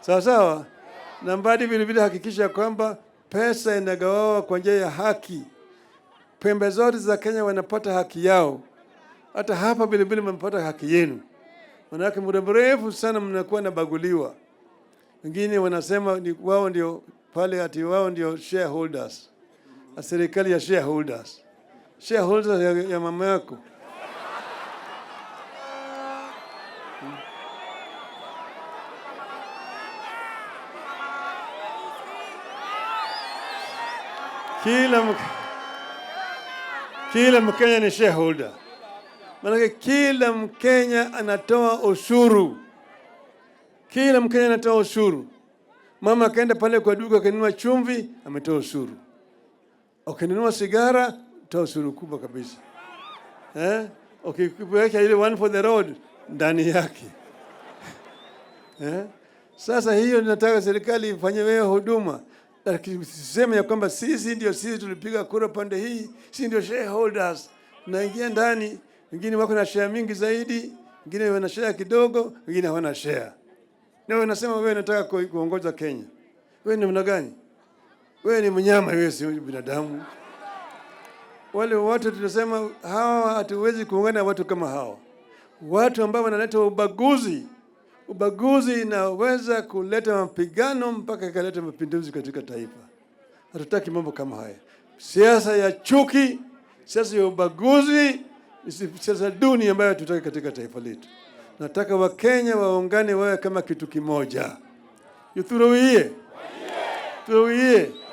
sawa sawa. Nambari vile vile, hakikisha kwamba pesa inagawawa kwa njia ya haki. Pembe zote za Kenya wanapata haki yao, hata hapa vile vile mnapata haki yenu. Manake muda mrefu sana mnakuwa nabaguliwa. Wengine wanasema ni wao ndio pale, ati wao ndio shareholders, serikali ya shareholders, shareholders ya, ya mama yako Kila, kila Mkenya ni shareholder, maanake kila Mkenya anatoa ushuru, kila Mkenya anatoa ushuru. Mama akaenda pale kwa duka akanunua chumvi, ametoa ushuru. Ukinunua sigara, toa ushuru kubwa kabisa eh? Ukiweka ile one for the road ndani yake eh? Sasa hiyo nataka serikali ifanye wewe huduma akisema ya kwamba sisi ndio sisi tulipiga kura pande hii, sisi ndio shareholders. Naingia ndani, wengine wako na share mingi zaidi, wengine wana share kidogo, wengine hawana share. Na wewe unasema wewe unataka kuongoza Kenya, wewe ni mna gani? Wewe ni mnyama, wewe si binadamu. Wale watu tunasema hawa hatuwezi kuungana na watu kama hao, watu ambao wanaleta ubaguzi ubaguzi inaweza kuleta mapigano mpaka ikaleta mapinduzi katika taifa. Hatutaki mambo kama haya. Siasa ya chuki, siasa ya ubaguzi, siasa duni ambayo hatutaki katika taifa letu. Nataka Wakenya waungane wawe kama kitu kimoja. Uthuruie, uthuruie.